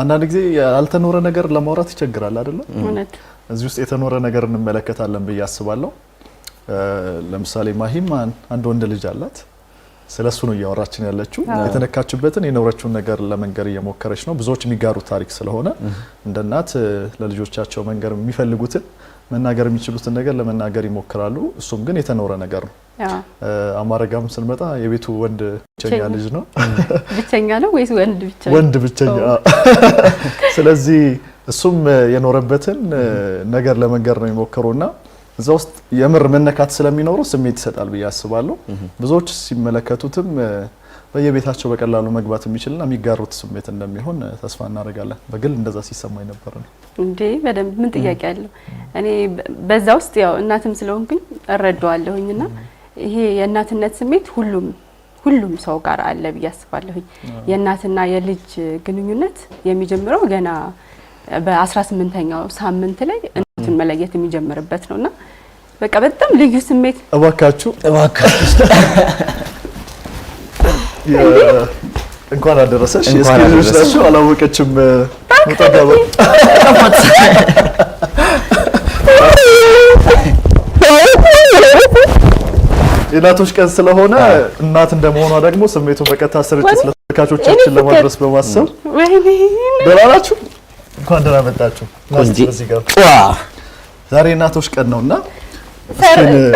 አንዳንድ ጊዜ ያልተኖረ ነገር ለማውራት ይቸግራል አይደለም። እዚህ ውስጥ የተኖረ ነገር እንመለከታለን ብዬ አስባለሁ። ለምሳሌ ማሂም አንድ ወንድ ልጅ አላት። ስለ እሱ ነው እያወራችን ያለችው። የተነካችበትን የኖረችውን ነገር ለመንገር እየሞከረች ነው። ብዙዎች የሚጋሩት ታሪክ ስለሆነ እንደ እናት ለልጆቻቸው መንገር የሚፈልጉትን መናገር የሚችሉትን ነገር ለመናገር ይሞክራሉ። እሱም ግን የተኖረ ነገር ነው። አማረጋም ስንመጣ የቤቱ ወንድ ብቸኛ ልጅ ነው። ብቸኛ ነው ወይስ ወንድ ብቻ? ወንድ ብቸኛ። ስለዚህ እሱም የኖረበትን ነገር ለመንገር ነው የሞከሩና እዛ ውስጥ የምር መነካት ስለሚኖሩ ስሜት ይሰጣል ብዬ አስባለሁ። ብዙዎች ሲመለከቱትም በየቤታቸው በቀላሉ መግባት የሚችልና የሚጋሩት ስሜት እንደሚሆን ተስፋ እናደርጋለን። በግል እንደዛ ሲሰማኝ ነበር ነው እንዴ። በደንብ ምን ጥያቄ አለው። እኔ በዛ ውስጥ ያው እናትም ስለሆንኩኝ እረዳዋለሁኝ ና ይሄ የእናትነት ስሜት ሁሉም ሁሉም ሰው ጋር አለ ብዬ አስባለሁኝ። የእናትና የልጅ ግንኙነት የሚጀምረው ገና በ 18 ሳምንት ላይ እናቱን መለየት የሚጀምርበት ና በቃ በጣም ልዩ ስሜት እባካችሁ እባካችሁ እንኳን አደረሰሽ። የስኪዞች ናቸው። አላወቀችም። የእናቶች ቀን ስለሆነ እናት እንደመሆኗ ደግሞ ስሜቱን በቀጥታ ስርጭት ለተመልካቾቻችን ለማድረስ በማሰብ ደህና ናችሁ? እንኳን ደህና መጣችሁ። ዛሬ የእናቶች ቀን ነውና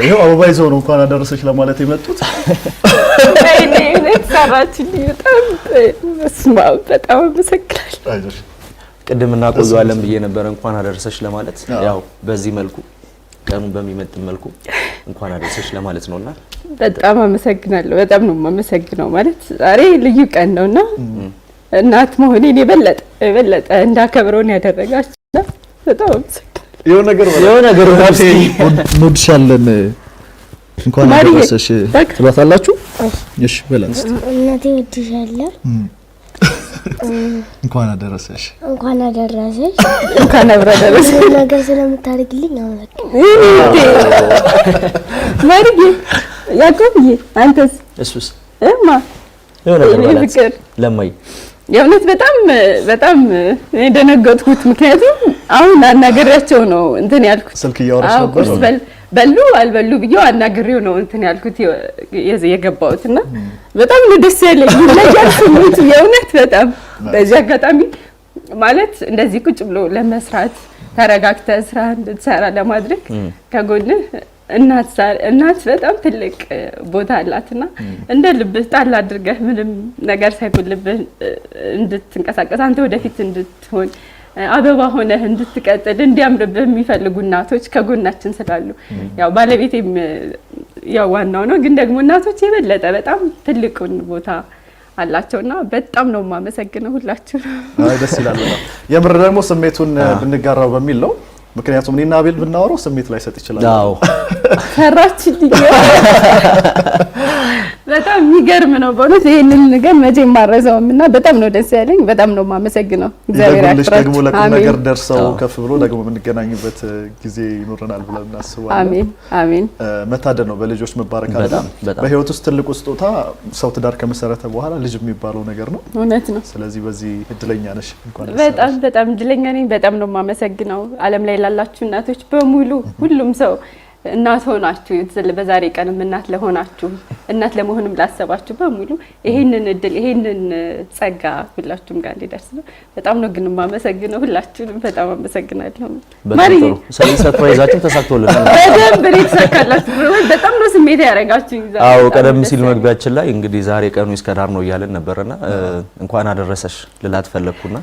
ይኸው አበባ ይዘው ነው እንኳን አደረሰች ለማለት የመጡት። ሰራችልኝ። በጣም በጣም አመሰግናለሁ። ቅድም እናቆየዋለን ብዬ ነበረ እንኳን አደረሰች ለማለት ያው በዚህ መልኩ ቀኑን በሚመጥን መልኩ እንኳን አደረሰች ለማለት ነውና በጣም አመሰግናለሁ። በጣም ነው የማመሰግነው። ማለት ዛሬ ልዩ ቀን ነውና እናት መሆኔን የበለጠ የበለጠ እንዳከብረውን ያደረጋችሁና በጣም አመሰግናለሁ። የሆነ ነገር በላት እንወድሻለን እንኳን አደረሰሽ ትሏታላችሁ። እሺ በላት እናቴ እወድሻለሁ እንኳን አደረሰሽ እንኳን አደረሰሽ እንኳን አብራ ደረሰሽ። ነገር ስለምታደርግልኝ ማርዬ ያዕቆብዬ፣ አንተስ እሱስ እማ የሆነ ነገር ለማይ የእውነት በጣም በጣም ደነገጥኩት። ምክንያቱም አሁን አናገሪያቸው ነው እንትን ያልኩት። ስልክ እያወራሽ ነበር። በሉ አልበሉ ብዬው አናግሬው ነው እንትን ያልኩት የገባሁት እና በጣም ነው ደስ ያለኝ ለያል ስሜቱ የእውነት በጣም በዚህ አጋጣሚ ማለት እንደዚህ ቁጭ ብሎ ለመስራት ተረጋግተ ስራ እንድትሰራ ለማድረግ ከጎንህ እናት በጣም ትልቅ ቦታ አላትና እንደ ልብህ ጣል አድርገህ ምንም ነገር ሳይሆን ልብህ እንድትንቀሳቀስ አንተ ወደፊት እንድትሆን አበባ ሆነህ እንድትቀጥል እንዲያምርብህ የሚፈልጉ እናቶች ከጎናችን ስላሉ ያው ባለቤቴም ያው ዋናው ነው፣ ግን ደግሞ እናቶች የበለጠ በጣም ትልቁን ቦታ አላቸውና በጣም ነው የማመሰግነው ሁላችሁ። ደስ ይላል። የምር ደግሞ ስሜቱን ብንጋራው በሚል ነው ምክንያቱም እኔና አቤል ብናወራው ስሜት ላይ ሰጥ ይችላል። አዎ በጣም የሚገርም ነው በእውነት ይህንን ነገር መቼ ማረዘውም እና በጣም ነው ደስ ያለኝ። በጣም ነው የማመሰግነው። እግዚአብሔር ያክብራችሁ። ደግሞ ለቁም ነገር ደርሰው ከፍ ብሎ ደግሞ የምንገናኝበት ጊዜ ይኖረናል ብለን እናስባለን። አሜን አሜን። መታደል ነው በልጆች መባረክ አለ። በህይወት ውስጥ ትልቁ ስጦታ ሰው ትዳር ከመሰረተ በኋላ ልጅ የሚባለው ነገር ነው። እውነት ነው። ስለዚህ በዚህ እድለኛ ነሽ። በጣም በጣም እድለኛ ነኝ። በጣም ነው የማመሰግነው አለም ላይ ላላችሁ እናቶች በሙሉ ሁሉም ሰው እናት ሆናችሁ በዛሬ ቀንም እናት ለሆናችሁ እናት ለመሆንም ላሰባችሁ በሙሉ ይሄንን እድል ይሄንን ጸጋ ሁላችሁም ጋር እንዲደርስ ነው። በጣም ነው ግን የማመሰግነው። ሁላችሁንም በጣም አመሰግናለሁ። ማርዬ ሰርፕራይዛችሁ ተሳክቶልናል። በደንብ ነው የተሳካላችሁ። በጣም ነው ስሜት ያደረጋችሁ። አዎ ቀደም ሲል መግቢያችን ላይ እንግዲህ ዛሬ ቀኑ እስከ ዳር ነው እያለን ነበርና እንኳን አደረሰሽ ልላት ፈለግኩና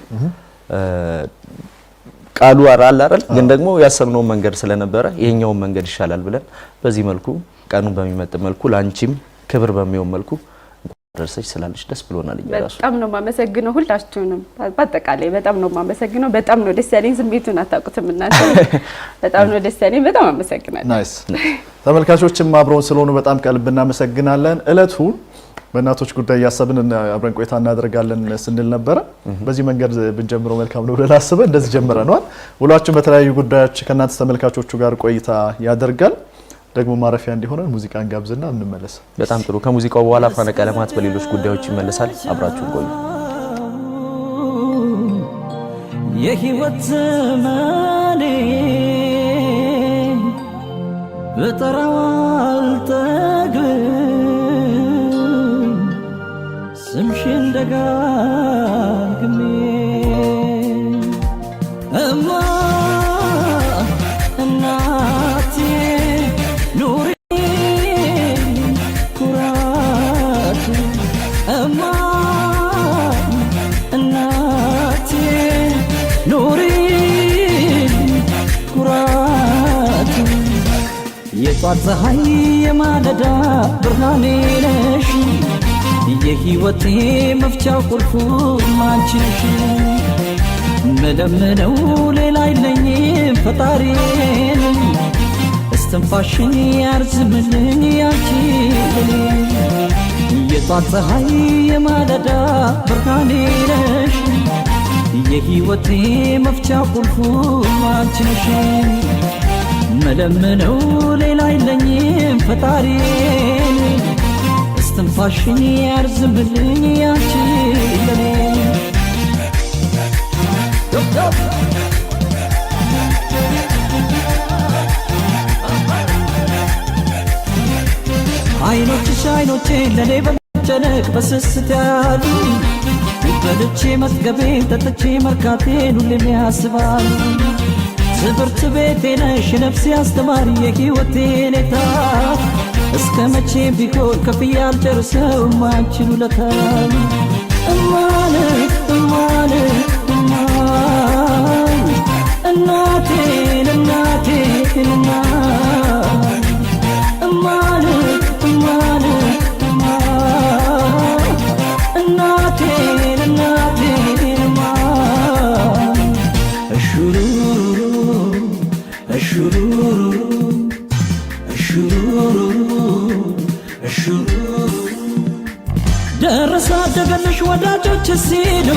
ቃሉ አራል አይደል? ግን ደግሞ ያሰብነው መንገድ ስለነበረ ይሄኛው መንገድ ይሻላል ብለን በዚህ መልኩ ቀኑን በሚመጥን መልኩ ለአንቺም ክብር በሚሆን መልኩ ደርሰች ስላለች ደስ ብሎናል። በጣም ነው የማመሰግነው ሁላችሁንም፣ በአጠቃላይ በጣም ነው የማመሰግነው። በጣም ነው ደስ ያለኝ። ስሜቱን አታውቁትም እናንተ። በጣም ነው ደስ ያለኝ። በጣም አመሰግናለሁ። ናይስ። ተመልካቾችም አብረውን ስለሆኑ በጣም ከልብ እናመሰግናለን። እለቱ በእናቶች ጉዳይ እያሰብን አብረን ቆይታ እናደርጋለን ስንል ነበረ። በዚህ መንገድ ብንጀምረው መልካም ነው ብለን አስበን እንደዚህ ጀምረነዋል። ውሏችን በተለያዩ ጉዳዮች ከእናንተ ተመልካቾቹ ጋር ቆይታ ያደርጋል። ደግሞ ማረፊያ እንዲሆነን ሙዚቃን ጋብዝና እንመለስ። በጣም ጥሩ። ከሙዚቃው በኋላ አፍራነ ቀለማት በሌሎች ጉዳዮች ይመለሳል። አብራችሁ ቆዩ። የህይወት ዘመኔ በጠራዋልጠ ፍቅርሽን ደጋግሜ እማ እናቴ እናቴ ኑሪ ኩራቱ የጧት ፀሐይ የማለዳ ብርሃኔ ነሽ የህይወቴ መፍቻ ቁልፉ አንቺ ነሽ። መለምነው ሌላ አይለኝም ፈጣሪ እስትንፋሽን ያርዝምልኝ ያንቺ የጧት ፀሐይ የማለዳ ብርሃኔ ነሽ። የሕይወቴ መፍቻ ቁልፉ አንቺ ነሽ። መለምነው ሌላ አይለኝም ፈጣሪ ፋሽን ያርዝምልኝ ያንቺ ለኔ አይኖችሽ አይኖቼ ለኔ በመጨነቅ በስስት ያሉ በልቼ መጥገቤን ጠጥቼ መርካቴን ሁሌም ያስባሉ። ትምህርት ቤቴ ነሽ ነፍሴ አስተማሪ የሕይወቴ ኔታ እስከ መቼ ቢሆን ከፍዬ አልጨርሰው ማችሉ ለታል እማልህ እማልህ እማልህ እናቴን እናቴን ደረሰ አደገነሽ ወዳጆች ሲሉ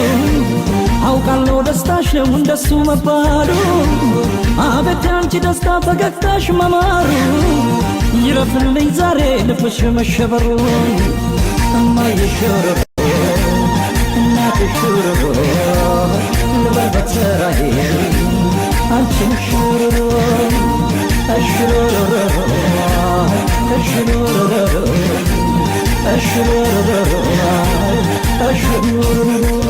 አውቃለሁ ደስታሽ ነው እንደሱ መባሉ። አቤት አንቺ ደስታ ፈገግታሽ መማሩ ይረፍልኝ ዛሬ ልብሽ መሸበሩ እማዬ ሽሩሩ እናቴ ሽሩሩ ልበል በተራዬ አንቺም ሽሩሩ ሽሩሩ ሽሩሩ Eşhedü en la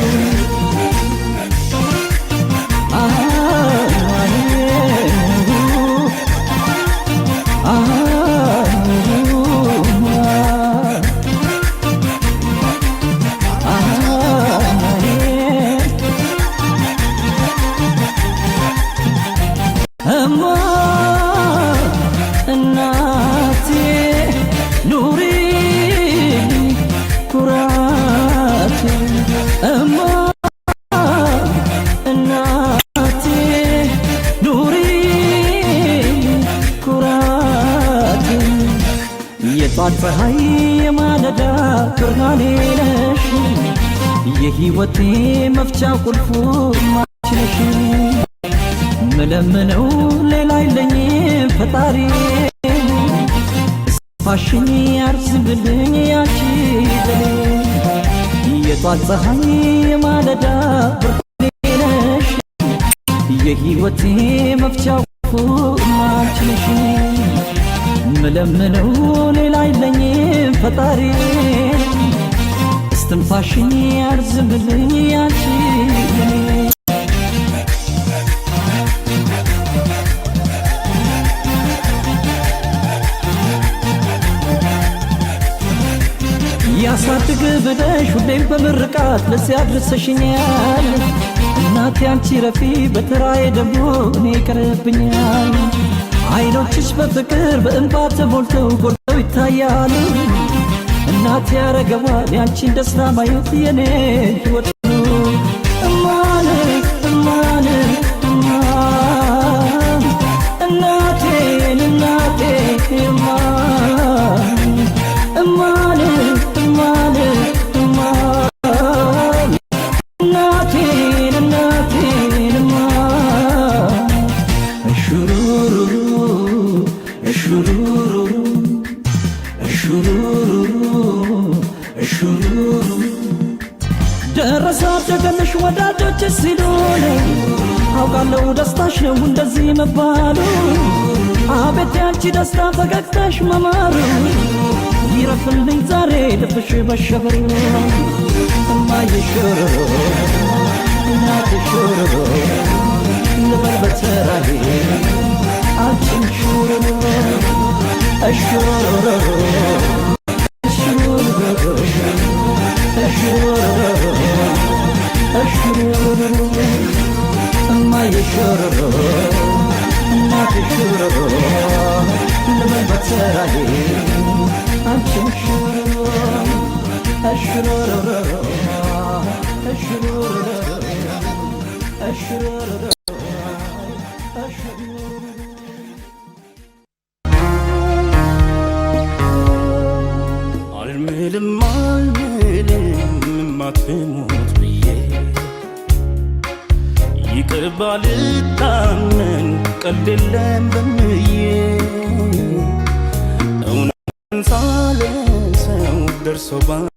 ባን ፀሐይ የማለዳ ብርሃኔ ነሽ የሕይወቴ መፍቻ ቁልፉ አንቺ ነሽ ምለምነው ሌላ የለኝም ፈጣሪ ፋሽኝ ያርዝብልኝ ያቺ የጧት ፀሐይ የማለዳ ብርሃኔ ነሽ የሕይወቴ መፍቻ ቁልፉ አንቺ ነሽ ምለምነው ሌላ አይለኝም ፈጣሪ እስትንፋሽኝ ያርዝምልኝ ያንቺ ያሳድግ ብለሽ ሁሌም በምርቃት ለዚያ አድርሰሽኛል እናቴ አንቺ ረፊ በተራዬ ደግሞ እኔ ቀረብኛል አይኖችሽ በፍቅር በእንባ ተሞልተው ጎልተው ይታያሉ። እናት ያረገዋል ያንቺን ደስታ ማየት የኔ ሕይወት ተባሉ አቤት ያንቺ ደስታ ፈገግታሽ መማሩ ይረፍልኝ ዛሬ ልብሽ በሸበሩ እማዬ ሽሮ እናቴ ሽሮ ልበል በተራዬ አንቺም ሽሮ ሽሮ Aşkım, aşkım, aşkım, aşkım, aşkım, aşkım, aşkım, لمن بتالي أنتم شرور الشرور الشرور الشرور عالميلم عالميلم ما تموت ይቅር ባልታመን ቀልድ የለም በሚ soba